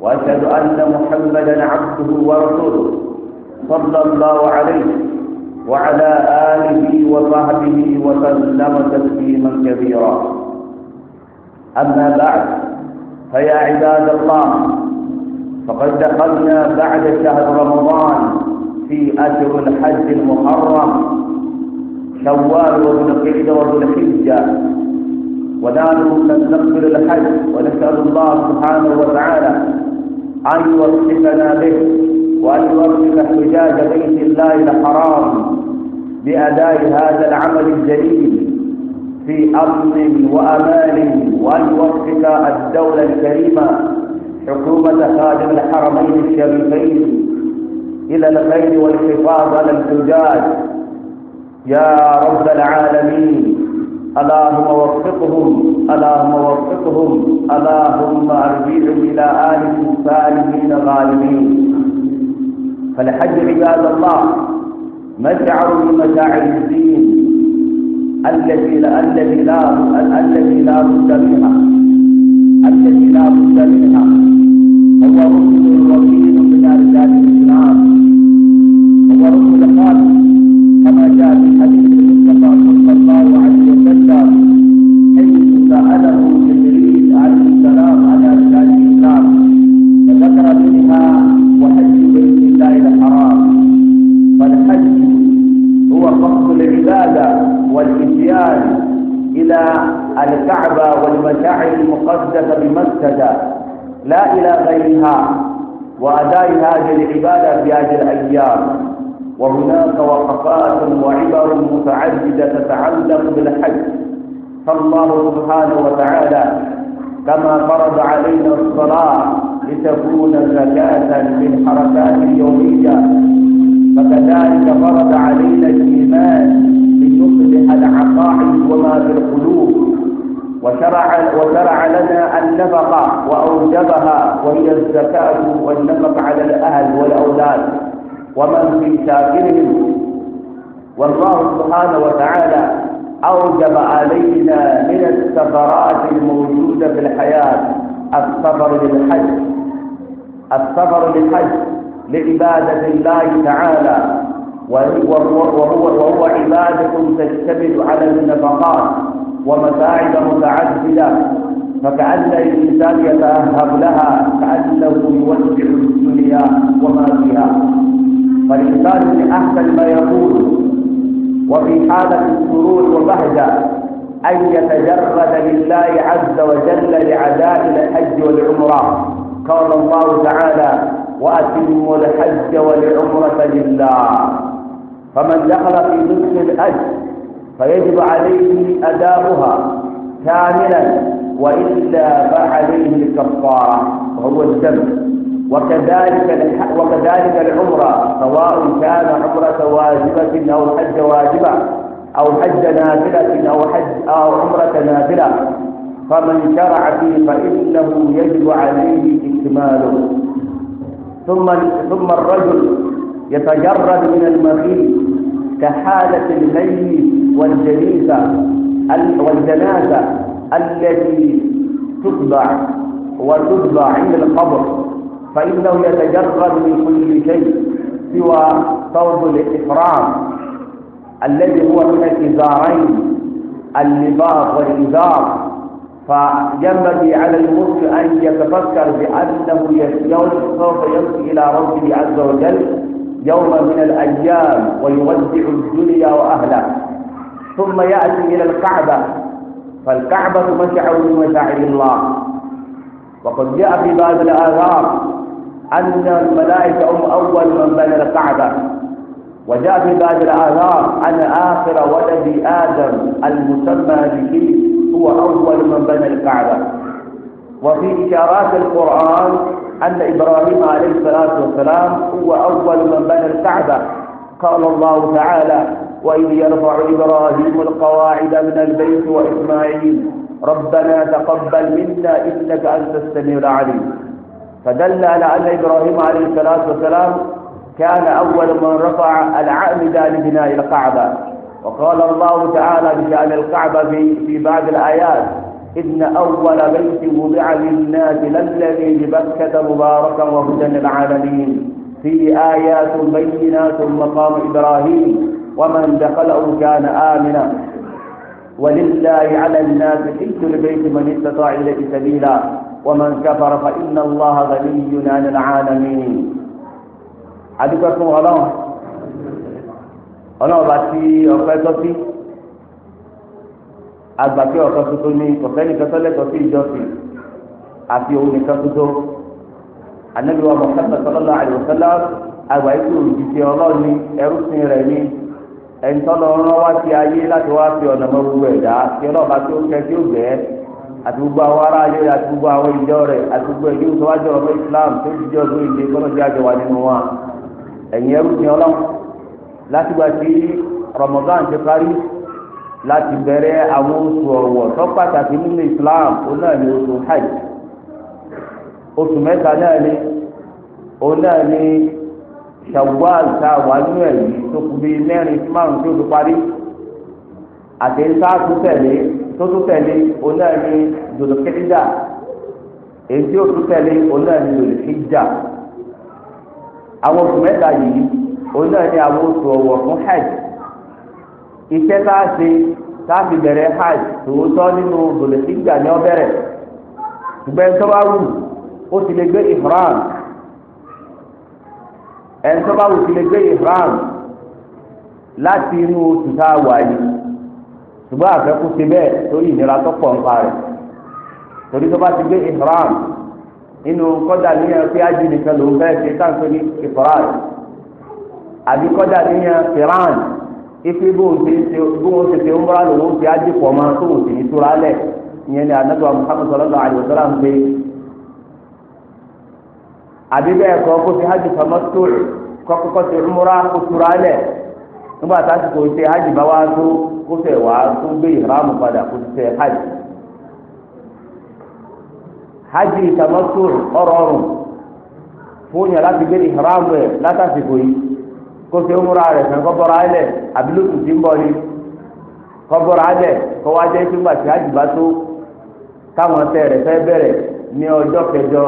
وأشهد أن محمدا عبده ورسوله صلى الله عليه وعلى آله وصحبه وسلم تسليما كبيرا أما بعد فيا عباد الله فقد دخلنا بعد شهر رمضان في أشهر الحج المحرم شوال وابن قيد وابن حجة ونحن نستقبل الحج ونسأل الله سبحانه وتعالى أن يوصفنا به وأن يوصف حجاج بيت الله الحرام بأداء هذا العمل الجليل في أمن وأمان وأن يوفق الدولة الكريمة حكومة خادم الحرمين الشريفين إلى الخير والحفاظ على الحجاج يا رب العالمين اللهم وفقهم اللهم وفقهم اللهم ارجعهم الى ال سالمين غالبين فالحج عباد الله مشعر من مشاعر الدين الذي لا الذي لا الذي لا بد منها التي لا بد منها الكعبة والمشاعر المقدسة بمسجد لا إلى غيرها وأداء هذه العبادة في هذه الأيام وهناك وقفات وعبر متعددة تتعلق بالحج فالله سبحانه وتعالى كما فرض علينا الصلاة لتكون زكاة من حركات يومية فكذلك فرض علينا الإيمان العقائد وما في القلوب وشرع وشرع لنا النفقة وأوجبها وهي الزكاة والنفق على الأهل والأولاد ومن في ساكنهم والله سبحانه وتعالى أوجب علينا من السفرات الموجودة في الحياة السفر للحج السفر للحج لعبادة الله تعالى وهو, وهو, وهو عبادة تشتمل على النفقات ومساعد متعددة فكأن الإنسان يتأهب لها كأنه يوسع الدنيا وما فيها فالإنسان من أحسن ما يقول وفي حالة السرور والبهجة أن يتجرد لله عز وجل لعداء الحج والعمرة قال الله تعالى وأتموا الحج والعمرة لله فمن دخل في نصف الأجر فيجب عليه أداؤها كاملا وإلا فعليه الكفارة وهو الذنب وكذلك وكذلك العمرة سواء كان عمرة واجبة أو حج واجبة أو حج نافلة أو حج أو عمرة نافلة فمن شرع فيه فإنه يجب عليه إكماله ثم ثم الرجل يتجرد من المخيط كحالة الميت والجنيزة والجنازة التي تتبع وتتبع عند القبر فإنه يتجرد من كل شيء سوى ثوب الإحرام الذي هو من الإزارين اللباس والإزار فينبغي على المسلم أن يتفكر بأنه سوف يصل إلى ربه عز وجل يوم من الأيام ويودع الدنيا وأهلها ثم يأتي إلى الكعبة فالكعبة مشعر من مشاعر الله وقد جاء في بعض الآثار أن الملائكة هم أول من بنى الكعبة وجاء في بعض الآثار أن آخر ولد آدم المسمى به هو أول من بنى الكعبة وفي إشارات القرآن أن إبراهيم عليه الصلاة والسلام هو أول من بنى الكعبة قال الله تعالى وإذ يرفع إبراهيم القواعد من البيت وإسماعيل ربنا تقبل منا إنك أنت السميع العليم فدل على أن إبراهيم عليه الصلاة والسلام كان أول من رفع العامدة لبناء الكعبة وقال الله تعالى بشأن الكعبة في بعض الآيات إن أول بيت وضع للناس للذي ببكة مباركا وهدى للعالمين فيه آيات بينات مقام إبراهيم ومن دخله كان آمنا ولله على الناس حج البيت من استطاع إليه سبيلا ومن كفر فإن الله غني عن العالمين حديثكم الله الله باتي أفاتي agbàpẹ́ ọ̀kan tuntun ní kọ̀fẹ́ nìkan sọ́lẹ́tọ̀ sí ìjọsìn àti òun nìkan tuntun anabi wa Muhammad sallallahu alayhi wa sallam àgbà ikú òjijì ọlọ́run ní ẹrú sin rẹ̀ ní ẹ̀ńtọ́lọ́ ọ̀rọ̀ wá sí ayé láti wá fi ọ̀nà mọ́ gbogbo ẹ̀dá tí ọlọ́ọ̀bá tí ó kẹ́ tí ó gbẹ́ àti gbogbo àwọn ará ayé àti gbogbo àwọn ìjọ rẹ̀ àti gbogbo ìdí òṣèwájú ọ̀rọ̀ Islam tó ti ọdún ìdí kọ́lọ́dé àjọ wa nínú wa ẹ̀yìn ẹrú ọlọ́run látìgbà tí Ramadan ti parí láti bẹ̀rẹ̀ àwọn oṣù ọ̀wọ̀ tó pàtàkì nínú Islam òun náà ni oṣù hajj oṣù mẹ́ta náà ni òun náà ni Shawwal tá a wà nínú ẹ̀yìn tó kù bíi mẹ́rin sí márùn tó ti parí àti sáàtú tẹ̀lé tó tún tẹ̀lé òun náà ni dòlòkìdíjà èyí tí ó tún tẹ̀lé òun náà ni dòlòkìdíjà àwọn oṣù mẹ́ta yìí òun náà ni àwọn oṣù ọ̀wọ̀ fún hajj. iṣẹ́ tá ṣe tá bẹ̀rẹ̀ hajj tòótọ́ nínú gbòlè ìgbà ni ọ ṣùgbọ́n ẹni bá wù ó ti lè gbé bá wù ti lè gbé láti inú oṣù tá a wà yìí ṣùgbọ́n àfẹ́kù ṣe bẹ́ẹ̀ torí torí tó bá ti gbé pé ájú nìkan ṣe táǹkì àbí ife bó ń ṣe bó ń ṣe ṣe ń bá lòun ṣe ni anagba Muhammad sallallahu alayhi hajj tamattu' kọ́kọ́kọ́ ṣe umra kó tura lẹ̀ nígbà tá a ti kò ṣe hajj bá wá tó kó tó gbé ìhàmù padà kó hajj fún yàrá ti gbé ìhàmù yìí. kó ṣe múra rẹ̀ fẹ́ kọ́bọ̀rọ̀ alẹ̀ àbí lóṣù tí ń bọ̀ ni kọ́bọ̀rọ̀ alẹ̀ kọ́ wá jẹ́ pé gbàtí àjùbá tó táwọn tẹ́ rẹ̀ fẹ́ bẹ̀rẹ̀ ní ọjọ́ kẹjọ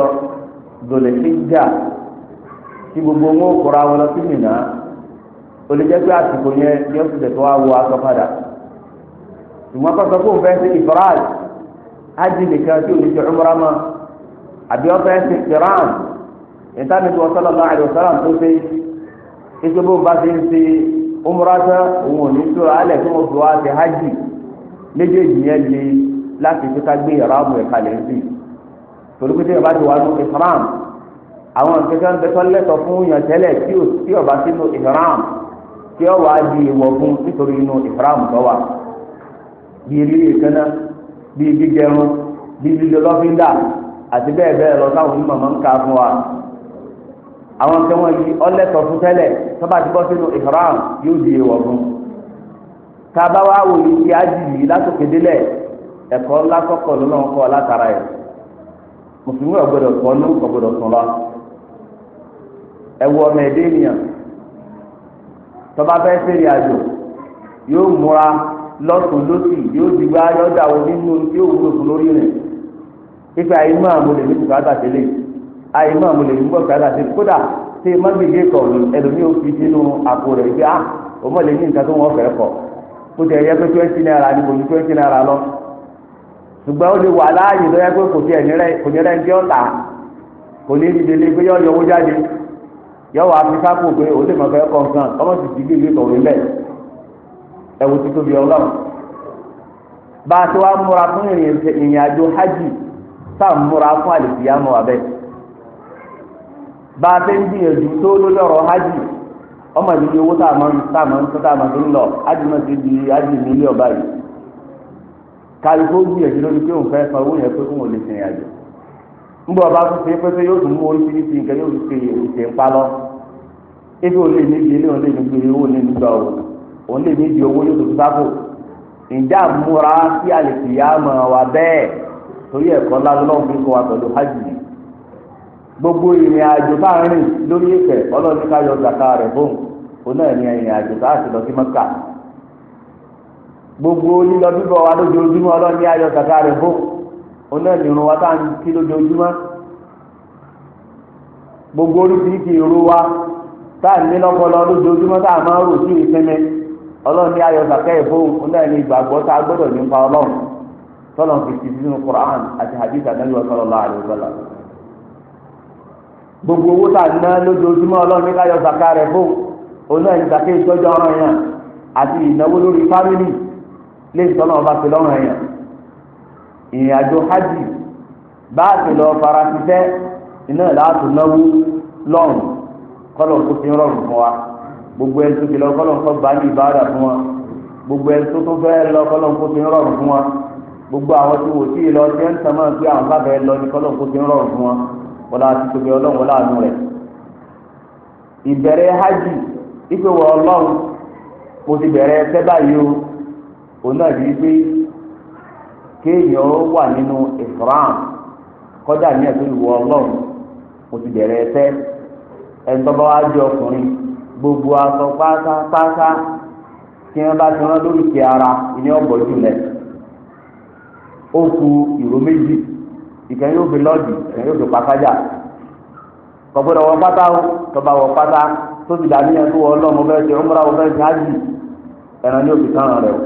dòlẹ́síjà tí gbogbo wọn ò kóra wọn lọ sí Mínà ó lè jẹ́ pé àsìkò yẹn ni ó ti tẹ̀tọ́ wá wo aṣọ padà ìwọ́n kọ́ sọ fẹ́ sí ìfọ́ráàlì ájì nìkan tí òun ti mọ́ àbí wọ́n fẹ́ sí ìfọ́ráàlì ìtànìtì wọn sọ́lọ́ ike bó ba ti ń ṣe umrata òun ò ní tó alẹ̀ tí wọ́n fi wá ṣe hajj méjèèjì yẹn le láti fi ká gbé ìrààmù ẹ̀ka lẹ̀ ń bì torí pé ti wà ní ìhram àwọn akẹ́kọ̀ọ́ ń bẹ lẹ́tọ̀ fún yàn tẹ́lẹ̀ tí ò tí ò sínú ìhram tí ó wàá di ìwọ̀ fún nítorí inú ìhram tó wà bíi lílé ìkànnà bíi gbígbẹrun bíi lílé àti bẹ́ẹ̀ bẹ́ẹ̀ lọ táwọn onímọ̀ máa ń ka fún wa àwọn kan wọ̀nyí ọlẹ́tọ̀ fún tẹ́lẹ̀ tọ́ba ti bọ́ sínú ihram yóò di èèwọ̀ fún tá a bá wá wò yìí kí á jì yìí látòkè délẹ̀ ẹ̀kọ́ ńlá kọ́kọ́ ló náà kọ́ látara ẹ̀ mùsùlùmí ọ̀gbọ́dọ̀ pọ́nú ọ̀gbọ́dọ̀ sùn lọ ẹ̀wù ọmọ ẹ̀dẹ́ ènìyàn tọ́ba fẹ́ sẹ́rìn àjò yóò múra lọ́sùn lọ́sì yóò di gbá yọ̀dà wo nínú tí yóò wúlò fún lórí rẹ̀ ìfẹ́ àyè máa mo lè ní bùkátà tẹ́lẹ̀ yìí àìmọ̀ mo lè ní bọ́ kára sí kódà tí mọ́gbèdé kọ̀ ní ẹlòmíì ó fi sínú àpò rẹ̀ pé ah òun lè ní nǹkan tó wọ́n fẹ́ kọ̀ kó tẹ̀ yẹ pé twenty naira ni kò ní twenty naira lọ ṣùgbọ́n ó lè wà láàyè tó yẹ pé kò sí ẹ̀ní rẹ̀ kò ní rẹ̀ ń jẹ́ ọ̀tà kò ní ní délé pé yọ̀ọ́ yọwó jáde yọ̀ọ́ wà fi sápò pé òun lè mọ̀ fẹ́ kọ̀ nǹkan ọmọ sì ti gbègbè kọ̀ wí a ti wá múra fún ìrìn àjò hajj a múra bá a ti ń gbìyànjú tó lórí ọ̀rọ̀ hajj ọmọ ìdíje owó tá a máa ń tá a máa ń tó a ń lọ hajj náà ti di hajj mílíọ̀n báyìí kálukó gbìyànjú lórí pé òun fẹ́ san owó yẹn pé òun ò lè sìn àjò ńgbọ́ ọba tó ṣe pé yóò tún mú oríṣiríṣi nǹkan yóò fi ìṣe ń palọ́ ebi lè ní lè ní owó ní òun lè ní owó yóò sáfò ìjà múra mọ̀ wá bẹ́ẹ̀ torí ẹ̀kọ́ lálọ́ hajj gbogbo ìrìn àjò tá a lórí ìfẹ́ ọlọ́ọ̀ni ká zaka rẹ̀ fóun òun náà ní ìrìn àjò tá a sì lọ sí gbogbo lílọ wa ọlọ́ọ̀ni zaka rẹ̀ náà ní irun wa gbogbo oríṣiríṣi wa tá ní lójoojúmọ́ tá máa ń rò sí ìsinmi ọlọ́ọ̀ni zaka rẹ̀ náà ní ìgbàgbọ́ tá a gbọ́dọ̀ ọlọ́run tọ́lọ́ fi gbogbo owó tá a ná lójoojúmọ́ ọlọ́run ní káyọ̀ zaka rẹ̀ fún òun náà ìgbàké ìtọ́jú ọ̀ràn yẹn àti ìnáwó lórí fámìlì lè tọ́nà ọba fi lọ́rùn yẹn ìrìn àjò hajj bá a ti lọ farafisẹ́ iná láti náwó lọ́rùn kọ́lọ̀ tó fi rọrùn fún wa gbogbo ẹni tó ti lọ kọ́lọ̀ tó gbà ní ìbáradà fún wa gbogbo ẹni tó tó fẹ́ lọ kọ́lọ̀ tó fi rọrùn fún wa gbogbo àwọn tó wò sí ìlọ tí ẹ̀ ń sàmọ́ pé àwọn bá bẹ́ẹ̀ lọ ní kọ́lọ̀ tó fi rọrùn fún wa. wọlé àti tóbi ọlọ́run wọlé àánú rẹ̀ ìbẹ̀rẹ̀ hajj ipe wọ ọlọ́run mo ti bẹ̀rẹ̀ ẹsẹ̀ báyìí o òun náà rí i pé kéèyàn wà nínú ìfram kọjá ní ẹ̀sùn ìwọ ọlọ́run ti bẹ̀rẹ̀ ẹsẹ̀ gbogbo aṣọ pátápátá tí bá ti rán lórí ti ara ọgbọ ó ku ìró méjì. ìkẹyìn yóò fi lọ́ọ̀dì ìkẹyìn yóò fi pàkájà kọ̀gbọ́dọ̀ wọ pátá o tọba wọ pátá tó ti dà níyẹn tó wọ ọlọ́mọ bẹ́ẹ̀ ṣe ọmọdé wọ bẹ́ẹ̀ ṣe ájì ẹ̀ràn ni òbí káràn rẹ o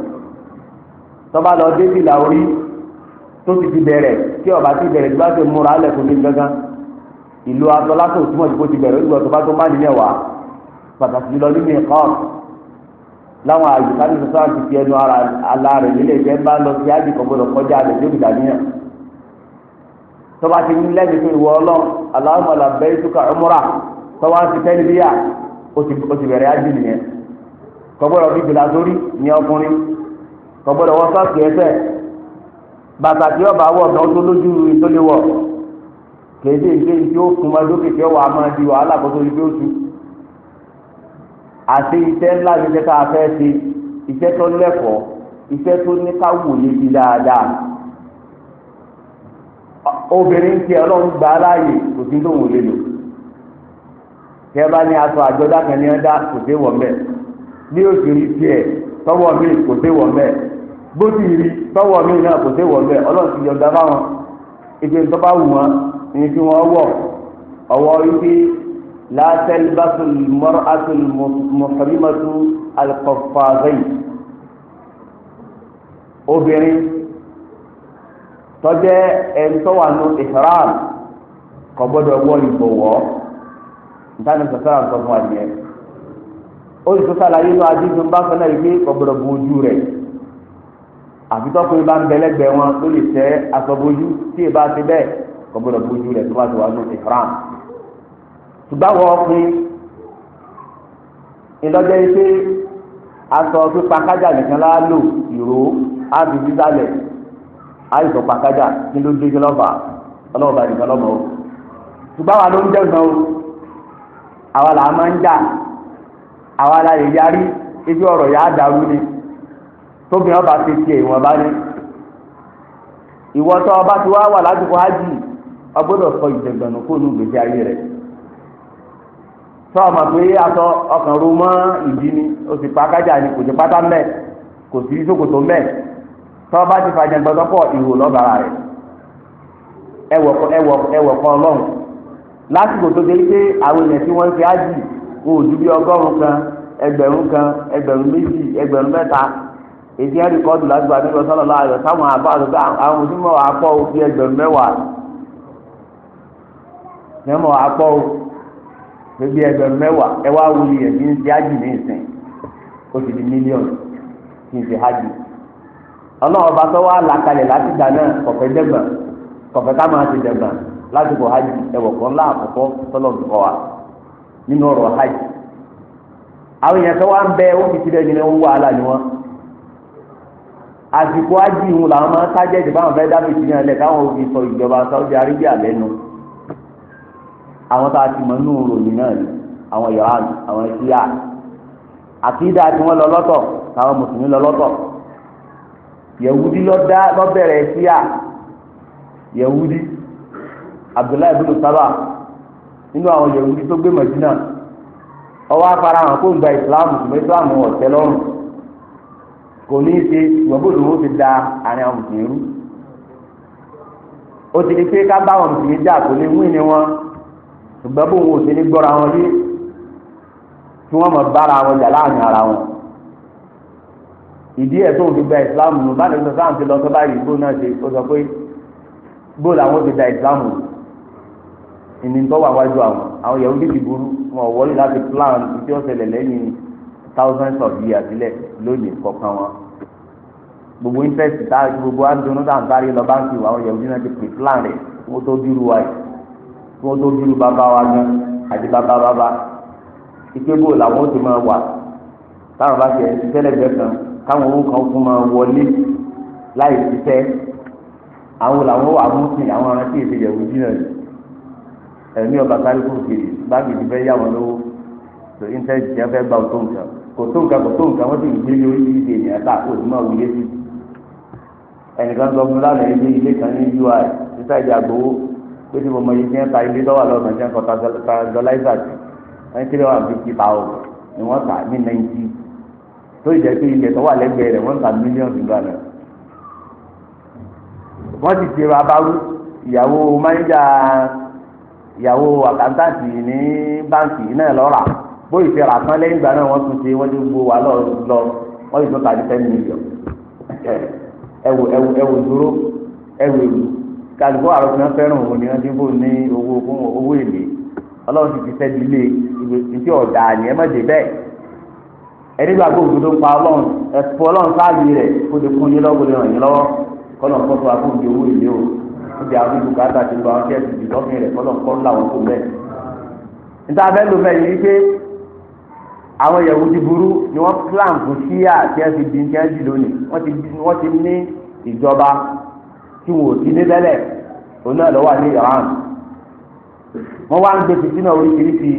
tọba lọ débi là orí tó ti ti bẹ̀rẹ̀ tí ọba ti bẹ̀rẹ̀ tí bá ti múra alẹ́ kò ní gángan ìlú aṣọ túmọ̀ tí kò ti bẹ̀rẹ̀ ìgbà tó tó má nílẹ̀ wá pàtàkì jùlọ nínú ẹ̀kọ́ láwọn àyíká ní sọ́sọ́ àti ti ẹnu ara alárẹ̀ nílẹ̀ jẹ́ bá lọ sí ájì tọ́ba ti ní lẹ́yìn tó ìwọ ọlọ́run Allahumma labbaytuka umra tọ́ba ti tẹ́lẹ̀ bíyà ó ti bẹ̀rẹ̀ ájú nìyẹn kọ́gbọ́dọ̀ fi gbìlà sórí ní ọkùnrin kọ́gbọ́dọ̀ wọ́n sọ́ọ̀kì ẹsẹ̀ bàtà tí ọba wọ̀ náà tó lójú ìtòléwọ̀ kéde ìgbé tí ó kún ọdún kékeré wa máa di wàhálà kó tó di ó tu àti iṣẹ́ ńlá ní iṣẹ́ tá fẹ́ ṣe iṣẹ́ tó lẹ́kọ̀ọ́ iṣẹ́ tó ní ká wòye bí dáadáa obìnrin tí ọlọ́run gbà láàyè kò sí lóhùn lè lò tí ẹ bá ní aṣọ àjọdá kan ní ẹ̀dá kò sí wọ̀ mẹ́ ní oṣù rí tiẹ̀ tọwọ́ mi kò sí wọ̀ mẹ́ bó ti rí tọwọ́ mi náà kò sí wọ̀ mẹ́ ọlọ́run ti yọ̀ǹda báwọn ìpè tó bá wù wọn ní kí wọ́n wọ̀ ọwọ́ ibi látẹ́lí bàtúl mọ́rọ́ àtúl mọ̀fàmímọ́tú alkọ̀fàzẹ́yì obìnrin tọ́jẹ́ ẹni tó wà nù ihram kò gbọ́dọ̀ wọ ìbọ̀wọ́ ìdáná sọ̀tàrà ń sọ fún adìyẹ ó sì tó sàlàyé inú adígun bá fẹ́ náà yìí pé kò gbọ́dọ̀ bu ojú rẹ̀ àfi tọ́kùnrin bá ń bẹ lẹ́gbẹ̀ẹ́ wọn tó lè tẹ́ aṣọ́bojú tí ì bá ti bẹ́ẹ̀ kò gbọ́dọ̀ bu ojú rẹ̀ tó bá ti wà nù ihram ṣùgbọ́n ọkùnrin ìlọ́jọ́ yìí pé aṣọ pípa kájà nìkan lá ìró ábí àìsàn pàkájà ní ló dé gílọ́fà ọlọ́wọ́ bá nìkan lọ́mọ o ṣùgbọ́n àwa ló ń jẹun náà o àwa là máa ń jà àwa la lè yarí ibi ọ̀rọ̀ yà á dàrú ni tóbi ọba ti tiẹ̀ ìwọ̀nba ni ìwọ tó ọba ti wá wà ládùúgbò ájì ọgbọ́dọ̀ sọ ìjẹ̀gbọ̀nù kó nu gbèsè ayé rẹ̀ tọ́ ọmọ pé aṣọ ọkàn ro mọ́ ìdí ni o sì pa ni kò sí pátá mẹ́ kò sí ṣòkòtò mẹ́ tọba ti fa jẹgbẹ́tọ́ pọ̀ ìhò lọ́bàrà rẹ̀ ẹwọ ẹwọ̀kọ ọlọ́run lásìkò tó dé pé àwọn èèyàn tí wọ́n fi ájì wò ju bí ọgọ́rùn-ún kan ẹgbẹ̀rún kan ẹgbẹrún méjì ẹgbẹrún mẹta èdè àti táwọn àbá àdúgbò àwọn ẹ wuli ẹ̀ bí ti ájì ní ìsìn ó ti di ọlọ́run ọba tó wá lati láti gbà náà kọ̀fẹ́ dẹ́gbà kọ̀fẹ́ ká máa ti dẹ́gbà láti kọ̀ hajj ẹ̀wọ̀ kan ńlá tọ́lọ̀ ń kọ́ wa nínú ọ̀rọ̀ hajj. àwọn èèyàn tó wá ń bẹ ó fi ní wàhálà ni wọ́n. àsìkò hajj máa ìdìbò àwọn fẹ́ dábì sí káwọn òbí sọ ìjọba lẹ́nu. àwọn tá a ti mọ inú ròyìn náà ni àwọn yahudi lọ́bẹ̀rẹ̀ síyà yahudi abdullahi ibn saba nínú àwọn yahudi tó gbé madina ọwọ́ afárá hàn kó ń gba ìsìláàmù ṣùgbọ́n ìsìláàmù ọ̀tẹ́ lọ́rùn kò ní í ṣe ìwọ̀n bó ti da àárín àwọn mùsùlùmí rú ó ti di pé ká bá àwọn mùsùlùmí jà kò lè wí ni wọn ṣùgbọ́n bóun ò ti ní gbọ́ra wọn yé tí wọ́n mọ̀ bára wọn jà láàrin ara wọn ìdí ẹ̀ tó fi gba ìsìlámù nù bá lẹ́nu sáà ti lọ sọ báyìí gbó náà ṣe ó sọ pé gbó làwọn ti da ìsìlámù ìní tó wà wájú àwọn àwọn Yahudi ti burú wọn wọlé láti plan tí ó lẹ́yìn thousands of years sílẹ̀ lónìí kọ̀ọ̀kan wọn gbogbo interest tá gbogbo àdúró tá à ń sáré lọ báńkì àwọn Yahudi náà ti pè plan rẹ̀ wọ́n tó dúró wa yìí wọ́n tó dúró bàbá wa gan àti bàbá bàbá ìpébò làwọn ó ti máa káwọn owó kan fún máa wọlé láì ṣiṣẹ́ àwọn làwọn wà mú sí àwọn arántí ìṣèyẹ̀wò jìnnà ẹ̀mí ọba sáré kò báàgì ti fẹ́ yá wọn lówó tó íńtẹ́ẹ̀tì ti fẹ́ gba òtó nǹkan kò tó nǹkan kò tó nǹkan wọ́n sì ń gbé lórí ìdè ènìyàn tá kò sí máa wulé sí ẹnìkan sọ fún lánàá ilé ilé kan ní ui títà ìdí àgbowó pé tí mo mọ iye tí ń ta ilé lọ́wọ́ lọ́wọ́ mẹ́tẹ́ ń kọ́ ta dọ́láìsà sí ẹni tí wọ́n fi ti ta ọ̀ ni wọ́n ta ní nàìjíríà tó jẹ́ pé ilẹ̀ tó wà lẹ́gbẹ̀ẹ́ rẹ̀ wọ́n ta mílíọ̀nù gbà wọ́n ti ṣe abarú ìyàwó mánéjà ìyàwó àkàntàntì ní báǹkì náà lọ́ra bó ìfẹ́ rà lẹ́yìn ìgbà náà wọ́n tún ṣe wọ́n ti gbó wa lọ lọ wọ́n ti tún ta ní ten million ẹwù ẹwù ẹwù dúró ẹwù fẹ́ràn òun ni wọ́n ti ní owó fún owó èlé ọlọ́run ẹni gbàgbọ́ òdodo pa ọlọ́run ẹ̀fọ́ ọlọ́run sáàyè rẹ̀ kó lè kún yín lọ́wọ́ kó lè ràn yín lọ́wọ́ kọ́nà kọ́tù àkóńdì owó ìlé o níbi àwọn ibi kàtà ti gba ọtí ẹ̀sìn ìdí lọ́fìn rẹ̀ kọ́nà kọ́ làwọn kò bẹ́ẹ̀. níta bẹ́ẹ̀ ló bẹ́ẹ̀ yìí pé àwọn ìyẹ̀wò ti burú ni wọ́n plan fún síyà tí ẹ fi di ní kẹ́ńtì lónìí wọ́n ti ní ìjọba tí wọn ò ti ní tẹ́lẹ̀ òun náà lọ́wọ́ ní Iran wọ́n wá ń gbé fìtínà oríṣiríṣi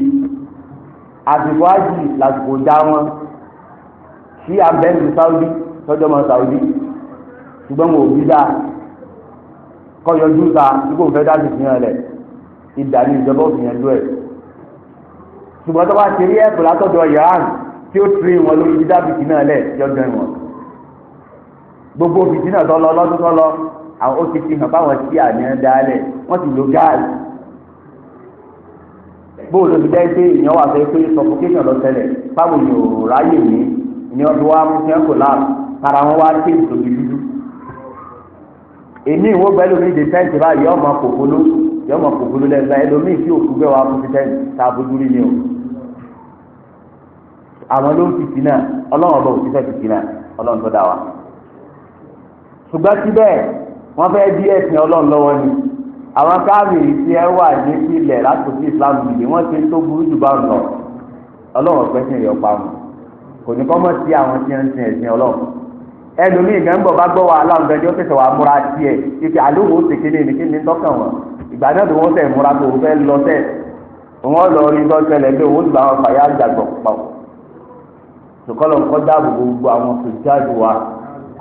àsìkò àjì làsìkò já wọn sí abẹ́lú Saudi tọ́jọ́ mọ́ Saudi ṣùgbọ́n wọn ò bí dáa kọ́yọjú ta tí kò fẹ́ dájú fi hàn lẹ̀ ìdá ní ìjọba òfin yẹn dú ẹ̀ ṣùgbọ́n tó bá ṣe rí ẹ̀kọ́ látọ̀dọ̀ Iran tí ó tiri wọn lórí dídá bìtì náà lẹ̀ yọjọ́ ìwọ̀n gbogbo bìtì náà tọ́ lọ lọ́dún tọ́ lọ àwọn ó ti fi hàn báwọn sí àníyàn dálẹ̀ wọ́n ti lo gáàsì bóòlù ti jẹ́ pé ìyẹn wà pé suffocation lọ ṣẹlẹ̀ báwo ni ráyè ní ní ọdún wa mú tiẹ́ kò láàbù tara wọn wá ké ìtòbí dúdú. èmi ìwọ gbẹ lómi de tẹ́ǹtì báyìí ọmọ kòkòló yọmọ kòkòló lẹ́gbẹ́ ẹlòmíì tí òkú bẹ́ẹ̀ wá fún ti tẹ́ǹtì tá a bójú rí ni o. àwọn ló ń fìtì náà ọlọ́run ọba òṣìṣẹ́ fìtì náà ọlọ́run tó dá wa. ṣùgbọ́n síbẹ̀ wọ́n fẹ́ bí ẹ̀sìn ọlọ́run lọ́wọ́ ni àwọn káàmìrì tí ẹ wà ní ilẹ̀ látòkí Islam, yìí wọ́n ti ń tó burú jù bá ń lọ ọlọ́run ọ̀pẹ́sìn ìyọ̀pá wọn kò ní kọ́ mọ̀ sí àwọn tí ń sin ẹ̀sìn ọlọ́run ẹlòmíì gan bọ̀ bá gbọ́ wa aláwọn gan jọ tẹ̀sẹ̀ wa múra tiẹ̀ ife àlóhùn ó tèké ní ibi kí ni tọ́kàn wọn ìgbà náà ló wọ́n tẹ̀ múra tó o fẹ́ lọ tẹ̀ wọ́n lọ rí lọ tẹ̀lẹ̀ bí owó ìgbà wọn fàyà àjàgbọ̀ pọ̀ tòkọ́lọ̀ ń kọ́ dáàbò gbogbo àwọn sòjáde wa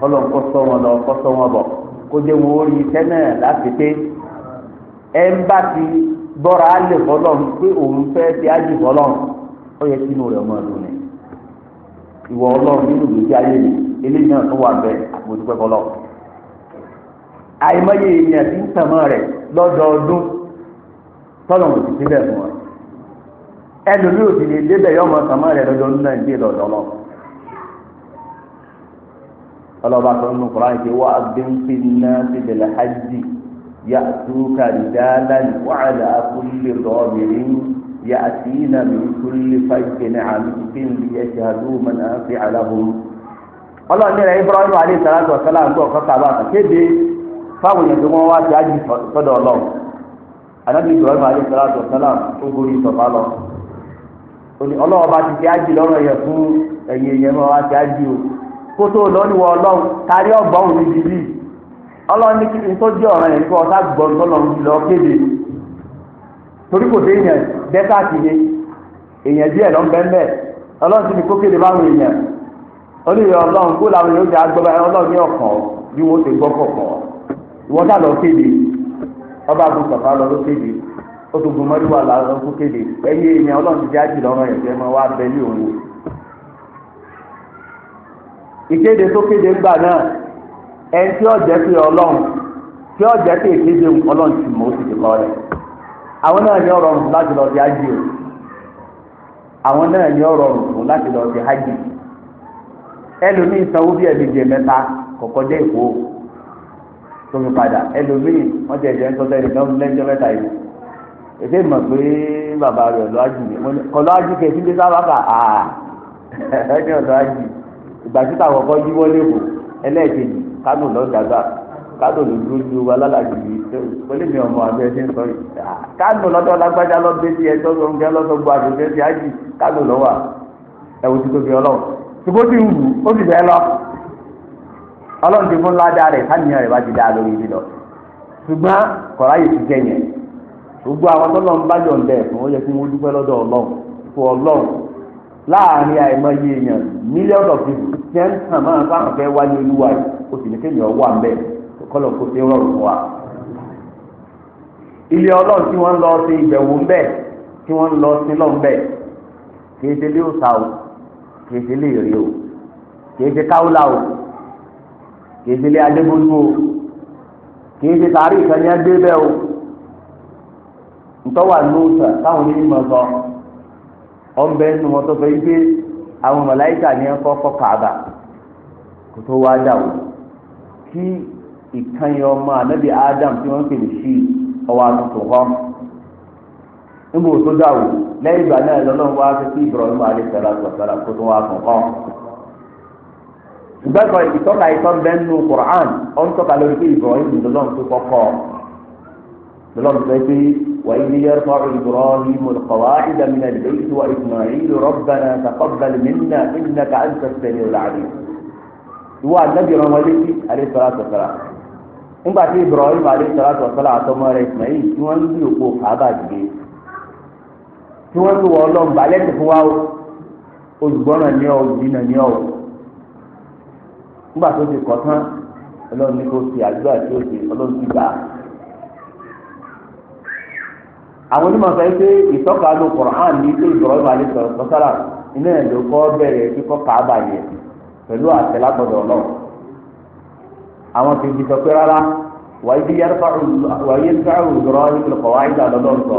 kọ́lọ̀ ń kọ́ sọ wọn lọ kọ́ sọ wọn bọ̀ kó jẹ́ wọn ó rí iṣẹ́ náà láti pé ẹ ń bá ti gbọ́ra á lè fọlọ́run pé òun fẹ́ ti á jù fọlọ́run ó yẹ kínú rẹ̀ ọmọ ọdún ni ìwọ ọlọ́run nínú ìgbésí ayé mi eléyìí náà tó wà bẹ́ẹ̀ àtúntò kọ́lọ́. àìmọye èèyàn ti ń tàmọ́ rẹ̀ lọ́dọọdún tọ́lọ̀ kò sì síbẹ̀ fún ọ. ẹlòmíì ò sì lè débẹ̀ yọ ọmọ rẹ̀ lọ́dọọdún náà lọ. ọlọ́ba ṣe wá náà ti bẹ̀rẹ̀ hajj wàhálà يأتين من كل فج عميق ليشهدوا منافع لهم ọlọ́run ní ẹ̀rẹ́ ibrahim alayhi salatu wa salam ibrahim alayhi salatu wa salam tó gorí ìsọ̀fà lọ. ọlọ́run bá ti fi ájì lọ́rọ̀ yẹn fún ẹ̀yìn èèyàn máa wá sí ájì o kó tó lọ́nìwọ̀ ọlọ́run dẹ́sàtì ni èèyàn díẹ̀ lọ ń bẹ́ mẹ́ ọlọ́run ti ní kó kéde báwọn èèyàn oníyẹ ọlọ́run kó làwọn èèyàn ó ti agbọ́ báyìí ọlọ́run ní ọ̀kan bí wọ́n ti gbọ́ kọ̀ọ̀kan ìwọ́n sà lọ kéde ọba àbúrò sọ̀fà lọ ló kéde ó tó gun mọ́rí wà lọ kó kéde ẹ̀yìn èèyàn ọlọ́run ti jáde lọ́rọ̀ ẹ̀ fẹ́ mọ́ wá bẹ́ ní òun ìkéde tó kéde gbà náà ẹni tí ọ̀jẹ̀ pé ọlọ́run tí ọ̀jẹ̀ pé ìkéde ọlọ́run ti mọ̀ ó ti dì àwọn náà ní ọ̀rọ̀ ọ̀rùn láti lọ sí hajj o àwọn náà ní ọ̀rọ̀ ọ̀rùn láti lọ sí hajj ẹlòmíì sanwó bí ẹ̀ẹ́dẹ̀jẹ̀ mẹ́ta kọ̀kọ́ dé èkó tómi padà ẹlòmíì wọ́n ti ẹ̀jẹ̀ ń sọ sẹ́yìn náà lẹ́jọ́ mẹ́ta yìí èdè mọ̀ pé bàbá rẹ̀ lọ́ hajj ni kọ̀lọ́ hajj kẹ̀ síbi sábà kà á ẹ̀ẹ́dẹ̀ ọ̀dọ́ hajj ìgbà títà kọ̀kọ́ yíwọ́ lẹ́kọ̀ọ́ ẹlẹ́ẹ̀kejì kánò lọ́ọ́ dàgbà kádò ló dúró ju alálàjì yìí tó pẹ̀lú mi ọmọ abẹ ní sọ yìí kádò lọ́dọ̀ lágbájá lọdẹ tí ẹjọ́ sọ ń ájì kádò lọ́wọ́ tóbi wù ó sì fẹ́ lọ Ọlọ́run ti fún ládàá rẹ̀ sáníyàn rẹ̀ bá ti lórí ibi lọ ṣùgbọ́n ti jẹ gbogbo àwọn tọ́lọ́ láàrin àìmọye èèyàn mílíọ̀nù ọ̀fíìsì kọlọ kò sí rọrùn wa ilé ọlọ́run tí wọ́n lọ sí ìbẹ̀wò ń bẹ̀ tí wọ́n lọ sí lọ́n bẹ̀ kìí ṣe o kìí ṣe ilé èrè o kìí ṣe káwùlà o kìí ṣe ilé adébólú o kìí ṣe sàárì ìkànnì o ntọ́wà táwọn onímọ̀ sọ ọ̀nbẹ wọn tó fẹ́ àwọn kọ́ kó tó wá o ìkànnì ọmọ ànábì Adam tí wọ́n ń pè ní sí ọwọ́ àtúntò kan níbo tó dàwó lẹ́yìn ìgbà náà lọ́nà wá fi sí Ibrahim alẹ́sẹ̀lá sọ̀tàlá tó tó wá fún kan. ìgbà kan ìtọ́ka ìtọ́ bẹ́ẹ̀nu Quran ọ̀n tọ́ka lórí pé Ibrahim lọ́nà tó kọ́kọ́ lọ́nà tó pé وإذ يرفع إبراهيم القواعد من البيت وإسماعيل ربنا تقبل منا إنك أنت السميع العليم. هو النبي عليه الصلاة والسلام nígbà tí Ibrahim aleyhisalatu wasala àtọmọ rẹ̀ Ismail tí wọ́n ń gbé òpó Kaaba dìde tí wọ́n ti wọ Ọlọ́run balẹ̀ ti fún wa o olùgbọ́ràn ní ọ òdìnà ní ọ nígbà tó ti kọ tán Ọlọ́run ní kò fi àdúrà tí ó ti Ọlọ́run ti gbà á àwọn onímọ̀ sọ pé ìtọ́ka ló Kùránì ní pé Ibrahim aleyhisalatu wasala iná ẹ̀ ló kọ́ bẹ̀rẹ̀ kíkọ́ Kaaba yẹn pẹ̀lú àtẹlágbọ̀dọ̀ Ọlọ́run àwọn tó fi sọ pé rárá wàá yí yára fà wàá yé sá òdòrò nípìnlẹ̀ kọ̀ wáyé dà lọ́dọ̀ sọ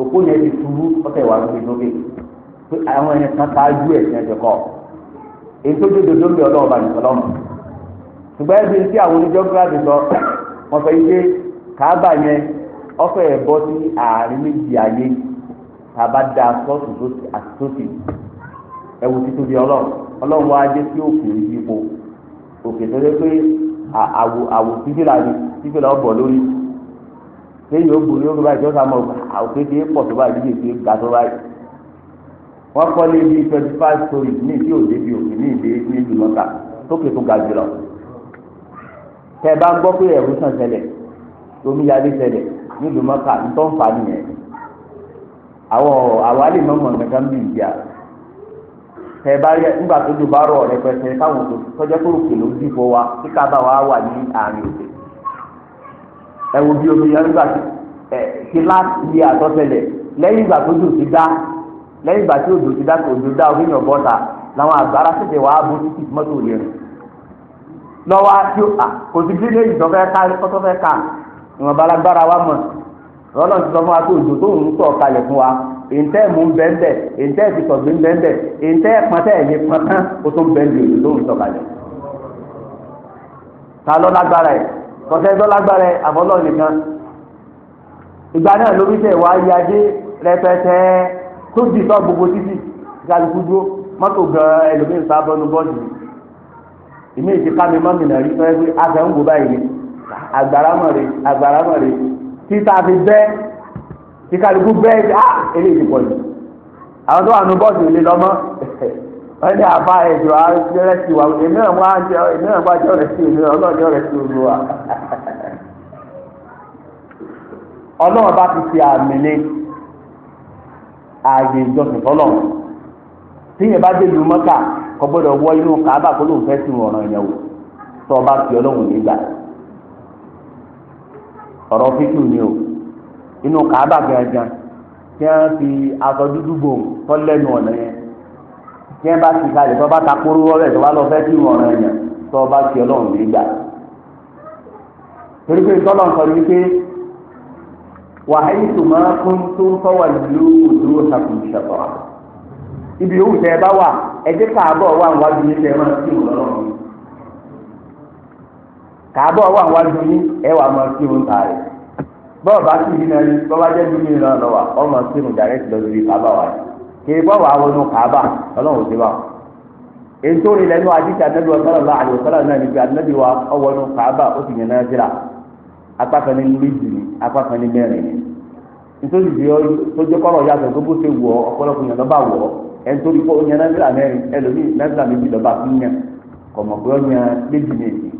òkú yẹn ti túbú ọ̀sẹ̀ wàá gbé lókè pé àwọn yẹn kan ṣáájú ẹ̀ tiẹ̀ ti kọ́ èyí tó dé dodo bí ọlọ́ọ̀ba nìkọ́lọ́mù ṣùgbọ́n ẹbí tí àwọn oníjọ́gírafì sọ wọ́n fẹ́ yé káábà yẹn ọ̀fẹ́ bọ́ sí àárín méjì ayé tàbá da sọ́ọ̀tù àtúntì ẹ̀wù títóbi ọlọ́run ọlọ́run wá dé sí òkè ìdìbò òkè tó dé pé àwò àwò fífìlà ni fífìlà ọ̀bọ̀ lórí lẹ́yìn ó gbòòrò yóò báyìí tí wọ́n sá mọ̀ àwọn kékeré pọ̀ tó báyìí lè fi gbà tó báyìí. wọ́n kọ́ lé bíi twenty five stories ní ìdí òde bíi òkè ní ìdí ní ìlú mọ́ta tókè tó ga jùlọ. tẹ́ ẹ bá gbọ́ pé ẹ̀rù sàn ṣẹlẹ̀ omi yalé ṣẹlẹ̀ ní ìlú mọ́ta ń tọ́ ń fà nìyẹn. àwọn àwọn alẹ́ mọ́mọ́ nǹkan bíi ìjà tẹ bá nígbà tó dùn bá rọ ọrẹ pẹsẹ káwọn òkè tọjọ tó rò kèlò dìbò wa kí kábà wa wà ní àárín òkè ẹ wo bí omi yẹn nígbà tí ẹ ti lẹ́yìn ìgbà tó dùn ti dá lẹ́yìn ìgbà tí òdò ti dá kò dùn dá omi yàn bọ́ta làwọn àgbára tètè wàá bó títí mọ́tò ntẹ mu bẹnbẹ ntẹ tikọgbe bẹnbẹ ntẹ kpatẹ yi kpatan o tó bẹnbẹ o tó ntọ balẹ talọ lágbára yẹ kọsẹ dọ lágbára yẹ afọlọ nìkan ìgbà náà lórí tẹ wá yadé rẹpẹtẹ tó di tọ gbogbo títì galuku dúró mọ́tò gan ẹlòmíín sábọ nu bọọlù ìmí ìdí kámi mọmì náà rí fẹẹ wí àtẹnugò báyìí ni agbára mọ rè agbára mọ rè títà fi bẹ́ẹ̀. kí kálukú bẹ́ẹ̀ ah eléyìí pọ̀ jù àwọn tó wà nù bọ́ọ̀sì ilé lọ́mọ́ wọ́n ní àbá ẹ̀jọ̀ àjọrẹ́sì wa èmi náà wá jọ èmi náà wá jọ rẹ̀ sí èmi sí wa. bá ti fi àmì ààyè ìjọsìn bá dé inú kàábà kó lóun fẹ́ sí ọ̀ràn tó nígbà ọ̀rọ̀ ni inú kaaba gàgàn tí wọ́n fi aṣọ dúdú bò tọ́ lẹ́nu ọ̀nà yẹn tí wọ́n bá ti kalẹ̀ tó ta kóró wọ́rẹ́ lọ fẹ́ kí ti ọlọ́run lè gbà. torí pé tọ́lọ̀ sọ ní pé wàhálì tó tó ń òdúró sàkùn ibi ẹ bá wà wà yín ẹ máa lọ́rùn yín wà yín ẹ wà máa bọ́ọ̀ bá sì yín ẹni bọ́ọ̀ bá jẹ́ bíbí ìran lọ́wọ́ ọmọ sínú dàrẹ́tì lọ síbi kábà wa kì í bọ́ọ̀ wà wọnú kábà ọlọ́run ti wà. ètò ìrìnlẹ̀ ní adíṣe anábì wa sọ́lá àlè sọ́lá náà níbi anábì wa ọwọ́nú kábà ó sì yẹn náà síra apákan ní méjì ni apákan ní mẹ́rin ni. nítorí bí ó jẹ́ kọ́rọ̀ yàtọ̀ tó bó ṣe wọ̀ ọ̀pọ̀lọpọ̀ yẹn lọ́ba wọ̀ ẹ̀ńtórí kó yẹn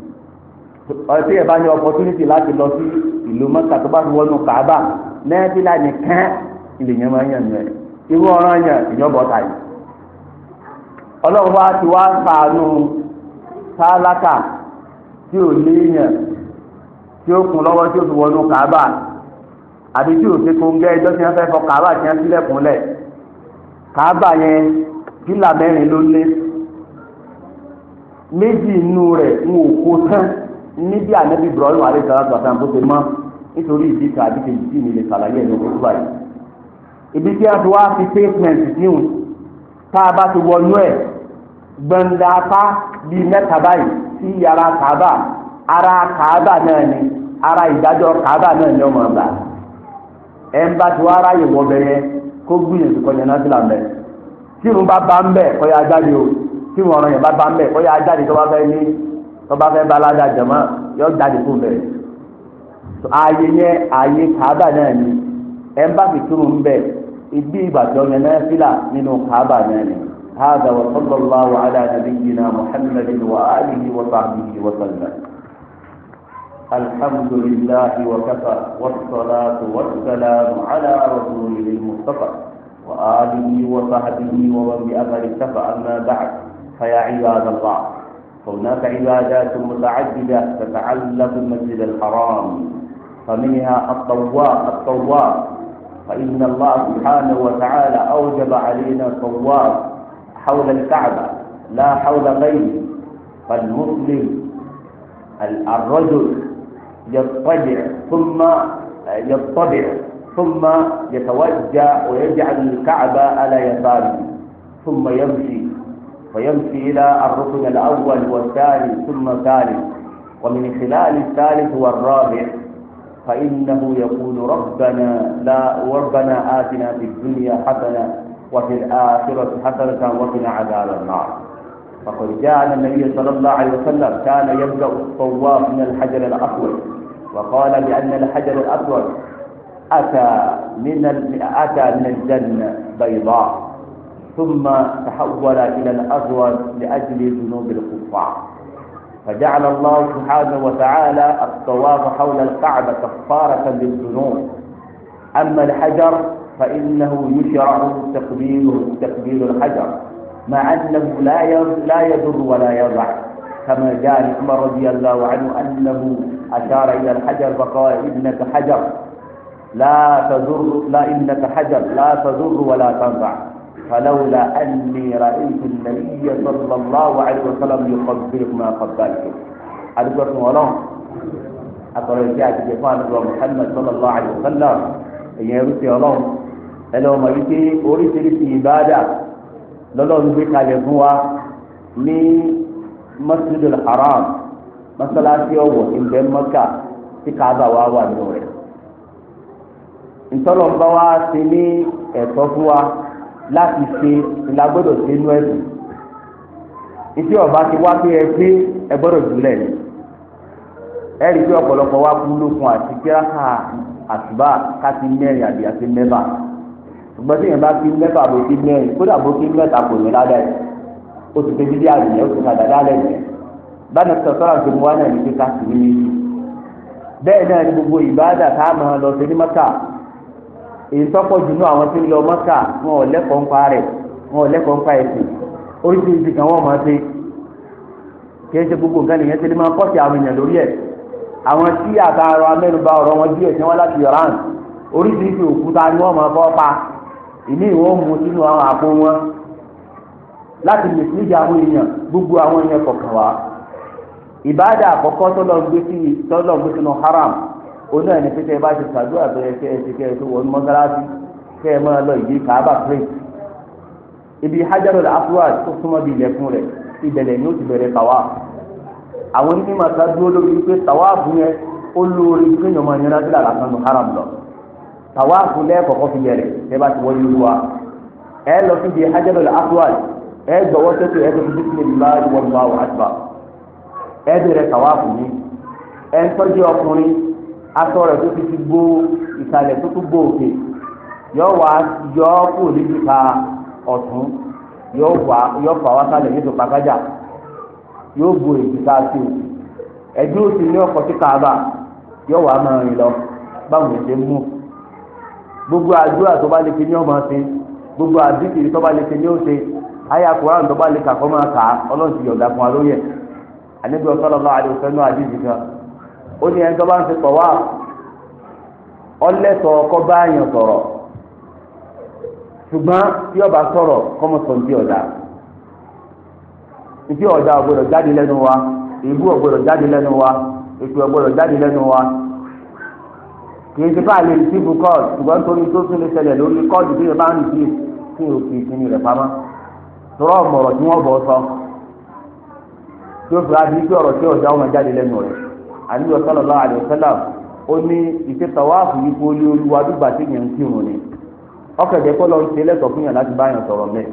ọtí ẹ̀ bá ní opportunity láti lọ sí ìlú mọ́ta tó bá fi wọnú kàábà nẹ́ẹ̀bílà nìkan ìlèyàn máa ń yàn yàn irú ọ̀ràn yàn èèyàn bọ̀ tà yìí. ọlọ́run wa ti wá sàánú tálákà tí ò léèyàn tí ó kún lọ́wọ́ tí ó fi wọnú kàábà àbí tí ò ṣe kó ń gẹ́ ẹjọ́ tí wọ́n fẹ́ fọ kàábà tí wọ́n sílẹ̀kùn lẹ̀ kàábà yẹn pílà mẹ́rin ló lé méjì inú rẹ̀ ń wò tán. níbi ànábì Ibrahim alẹ́ sàrà sàtàn bó ṣe mọ́ nítorí ìdí kan àbí kejì tí mi lè ṣàlàyé ẹ̀yọ́ báyìí. ibi tí a fi wá fi pavement níhùn tá a bá ti wọnú ẹ̀ gbọ̀ndà bíi mẹ́ta báyìí sí yàrá kàábà ara kàábà náà ni ara ìdájọ́ kàábà náà ni ọmọ ọ̀gbà ẹ̀ ń bá ti wá wọ kó gbìyànjú kọjá náà tí bá bá ń tọ́ba fẹ́ balaga jama yóò jáde fún bẹ́ẹ̀ ààyè yẹn ààyè kaaba náà ni ẹnba fìtúrù ń bẹ ibi ìbàdàn yẹn náà fìlà nínú kaaba náà ni هذا وصلى الله على نبينا محمد وآله وصحبه وسلم الحمد لله وكفى والصلاة والسلام على رسوله المصطفى وآله وصحبه ومن بأثر اكتفى أما بعد فيا عباد الله هناك عبادات متعددة تتعلق بالمسجد الحرام فمنها الطواف الطواف فإن الله سبحانه وتعالى أوجب علينا الطواف حول الكعبة لا حول غيره فالمسلم الرجل يضطجع ثم يضطجع ثم يتوجه ويجعل الكعبة على يساره ثم يمشي فيمشي إلى الركن الأول والثاني ثم الثالث ومن خلال الثالث والرابع فإنه يقول ربنا لا ربنا آتنا في الدنيا حسنة وفي الآخرة حسنة وقنا عذاب النار فقد جاء النبي صلى الله عليه وسلم كان يبدأ الطواف من الحجر الأسود وقال بأن الحجر الأسود أتى من أتى من الجنة بيضاء ثم تحول إلى الأزور لأجل ذنوب الكفار فجعل الله سبحانه وتعالى الطواف حول الكعبة كفارة للذنوب أما الحجر فإنه يشرع تقبيله تقبيل الحجر مع أنه لا لا يضر ولا يضع كما جاء عمر رضي الله عنه أنه أشار إلى الحجر فقال إنك حجر لا تضر لا إنك حجر لا تضر ولا تنفع فلولا أني رأيت النبي صلى الله عليه وسلم يقبلك ما قبلته أذكر ولون أقرأ الجاء جفان محمد صلى الله عليه وسلم ìyẹn rúti ọlọ́run ẹnì ọmọ yìí pé oríṣiríṣi ìbáàdà lọ́lọ́run gbé kalẹ̀ fún wa ní masjidul haram masalasi ọwọ́ ìbẹ́ mọ́kà tí kaaba wa wà nínú rẹ̀ ntọ́lọ́nba wa ti ní ẹ̀tọ́ fún wa láti ṣe ìlágbọ́dọ̀ ṣe inú ẹ̀sìn ìdí ọba ti wá pé ẹ gbé ẹ gbọ́dọ̀ jùlẹ̀ ni ẹ rí i pé ọ̀pọ̀lọpọ̀ wá kú lókun àti kíráka àtúbà káti mẹ́rin àbí àti mẹ́fà ṣùgbọ́n tí yẹn bá fi mẹ́fà bó ti mẹ́rin kódà bó ti mẹ́ta kò ní ládàá yìí ó ti tẹ́jú dé àdìyẹ ó ti padà dálẹ̀ yìí báyìí sọ sọ́ra tó mu wá náà ní pé ká ní bẹ́ẹ̀ náà ni gbogbo ìbáàdà tá a máa lọ sí ní mọ́tà ìtọ́pọ̀ jùlọ àwọn tí ń lọ mọ́kà wọn ò lẹ́kọ̀ọ́ ń pa rẹ̀ wọn ò lẹ́kọ̀ọ́ ń pa ẹ̀sìn oríṣiríṣi kan wọ́n máa ṣe kí ẹ ṣe gbogbo nǹkan nìyẹn tẹ́lẹ̀ máa kọ́sì àwọn èèyàn lórí ẹ̀ àwọn tí àtàrọ amẹ́nuba ọ̀rọ̀ wọn bí ẹ̀sìn wọn láti yọ̀rá hàn oríṣiríṣi òkúta ni wọ́n máa fọ́ pa ìní sínú àwọn àpò gbogbo haram oní ẹni pété ẹ bá ti ṣàdúrà tó yẹ kẹ ẹ ti kẹ ẹ tó wọnú mọ́sálásí kẹ ẹ máa lọ ìdí kàába pray ibi hajarul aswad tó súnmọ́ bí ilẹ̀kùn rẹ̀ ìbẹ̀rẹ̀ ni ó ti bẹ̀rẹ̀ tàwa àwọn onímọ̀ ká dúró lórí wípé tàwa fún yẹn ó lórí kéèyàn máa yẹn lábílà lásán ló haram lọ tàwa fún lẹ́ẹ̀kọ̀kọ́ fi yẹrẹ̀ ẹ bá ti wọlé olúwa ẹ lọ sí ibi hajarul aswad ẹ gbọ́wọ́ sẹ́kẹ̀ ẹ tó fi dúkìlẹ̀ ìlà ìwọ̀n bá wà á ti bá ẹ bẹ̀rẹ̀ tàwa fún yín ẹ ń tọ́jú ọkùnrin aṣọ rẹ̀ tó ti ti gbó ìsàlẹ̀ tó tún gbó òkè yọ wá yọ kú níjìká ọ̀tún yọ wá yọ fà wá sálẹ̀ yóò tó pàkájà yóò sí òkè ní kaaba yọọ wá máa rìn lọ báwọn mú gbogbo àdúrà tó bá lè fi ní gbogbo àdìkìrì tó bá lè fi ní tó bá lè máa kà á ó ní ẹni tó bá ń ṣe tọ̀wá ọlẹ́tọ̀ ọkọ bá yàn sọ̀rọ̀ ṣùgbọ́n tí ọba sọ̀rọ̀ kọ́mọ̀sọ̀ ní ti ọ̀dà ní ti ọ̀dà ọ̀gbọ́dọ̀ jáde lẹ́nu wa ìlú ọ̀gbọ́dọ̀ jáde lẹ́nu wa ètò ọ̀gbọ́dọ̀ jáde lẹ́nu wa kìí ti bá a lè rìsíìfù kọ́ọ̀d ṣùgbọ́n torí tó tún lè ṣẹlẹ̀ lórí kọ́ọ̀dù tí yẹn bá ń rìsíìfù kí o fi ìsinmi rẹ̀ pamọ́ tọrọ ọmọ ọ̀rọ̀ tí wọ́n bọ̀ sọ tí ó fi adé kí ọ̀rọ̀ tí ọ̀dà ọmọ jáde lẹ́nu rẹ̀ àníwò sọlọ́lá àdìọ́sọ́lá ó ní iṣẹ́ tọ́wáàfù yìí kó lé olúwa dùgbà tí yẹn ń kírun ni ọkẹ̀jẹ̀ kọ́ lọ ń ṣe lẹ́tọ̀ọ́ fún yàn láti bá yàn sọ̀rọ̀ mẹ́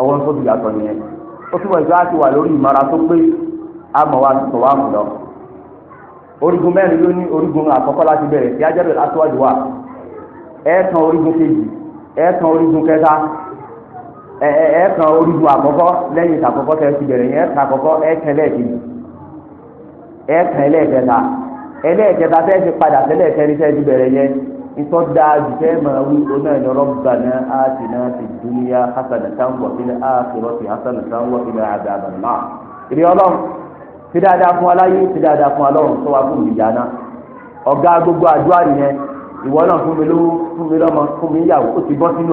ọwọ́n tó ti yàtọ̀ nìyẹn ó túbọ̀ ìgbà àti wà lórí ìmọ̀ra tó pé àmọ̀ wa ti tọ́wáàfù lọ orígun mẹ́rin ló ní orígun àkọ́kọ́ láti bẹ̀rẹ̀ tí ajẹ́bẹ̀rẹ̀ látọ́jú wa ẹ̀ẹ̀kan orígun kejì ẹ̀ẹ̀kan orígun kẹta ẹ̀ẹ̀kan orígun àkọ́kọ́ lẹ́yìn ìtàkọ́kọ́ tẹ̀ ti bẹ̀rẹ̀ yẹn ẹ̀ẹ̀kan àkọ́kọ́ ẹ̀ẹ̀kan lẹ́ẹ̀kejì ẹ̀ẹ̀kan ẹlẹ́ẹ̀kẹta ẹlẹ́ẹ̀kẹta tẹ́ ti padà tẹ́lẹ̀ kẹrin tẹ́ bẹ̀rẹ̀ yẹn ìtọ́ dáa jù fẹ́ máa wí oná ìlú rabbana atina fid dunya ọlọ́run ti dáadáa fún aláyé ti dáadáa fún alọ́run tó wá fún ìyá ọ̀gá gbogbo àdúrà nìyẹn ìwọ náà fún mi lówó fún mi lọ́mọ fún mi ó ti bọ́ sínú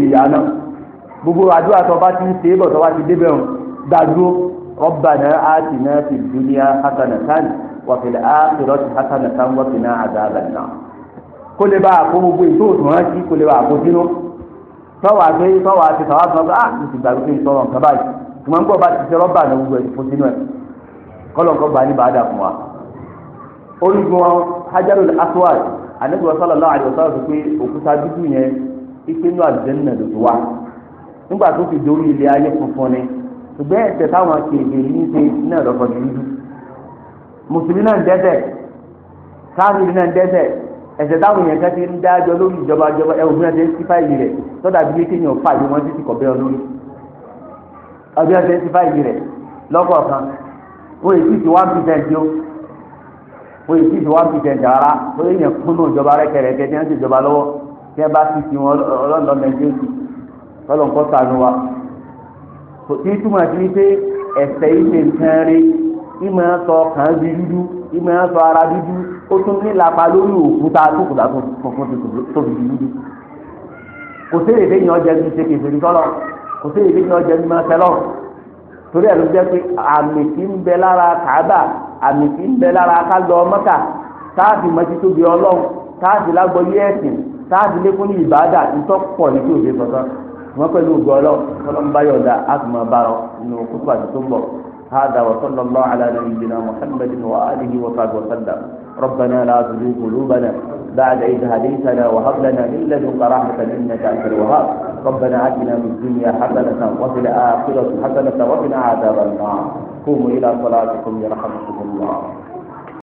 ẹ̀ àti gbogbo àdúrà tó bá ti ń ṣe é bọ̀ tó bá ti débẹ̀ ọ̀hún gbàdúró Rabbana atina fid dunya hasanatan wa fil akhirati hasanatan wa qina adhaban nar kó lè bá àpò gbogbo ètò òtún rántí kó lè bá àpò sínú tọ́wọ́ àgbẹ̀ tọ́wọ́ àti tọ́wọ́ àti tọ́wọ́ ah, àti ti gbàgbé pé ìtọ́rọ̀ nǹkan báyìí tùmọ̀ ń gbọ́ bá ti ṣe rọ́bà ní gbogbo ẹ̀sìn fún sínú ẹ̀ kọ́lọ̀ nǹkan gbà ní bàádà nígbà tó fi dorí ilé ayé funfun ni ṣùgbọ́n ẹ̀ṣẹ̀ táwọn akéèké yìí ṣe náà lọ́kọ̀ dúdú mùsùlùmí náà ń dẹ́ṣẹ̀ káàkiri náà ń dẹ́ṣẹ̀ ẹ̀ṣẹ̀ táwọn èèyàn kan ti ń dájọ́ lórí ìjọba ìjọba ẹ̀wọ̀n fún ẹ̀ṣẹ̀ sífà yìí rẹ̀ tọ́da bíi kéèyàn pàdé wọn títí kọ̀ bẹ́ẹ̀ lórí ọdún ẹ̀ṣẹ̀ sífà yìí rẹ̀ lọ́kọ̀ọ̀kan wọ́n èyí ti one percent yó wọ́n èyí ti one percent rẹ̀ kẹrẹ̀kẹ́ kọ́lọ̀ ń kọ́ sànù wa kò tí túmọ̀ sí pé ẹ̀sẹ̀ yìí nǹkan rí ìmọ̀ sọ kàn di dúdú ìmọ̀ sọ ara dúdú ó tún nílapa lórí òkúta tó kùtà tó fi di dúdú kò sí èdè yìí ọjà ní ṣe kèfèrè tọ́lọ̀ kò sí èdè ní máa tẹ́lọ̀ torí ẹ̀ ló jẹ́ pé àmì tí ń bẹ lára kàábà àmì tí ń bẹ lára kájọ táàbì ọlọ́run táàbì táàbì lékún ní ìtọ́pọ̀ wọn pẹ̀lú gọlọ kọlọmbayọ da asuma barọ nínú kókó àti tó ń bọ̀ هذا وصلى الله على نبينا محمد وآله وصحبه وسلم ربنا لا تزغ قلوبنا بعد إذ هديتنا وهب لنا من لدنك رحمة إنك أنت الوهاب ربنا آتنا في الدنيا حسنة وفي الآخرة حسنة وقنا عذاب النار قوموا إلى صلاتكم يرحمكم الله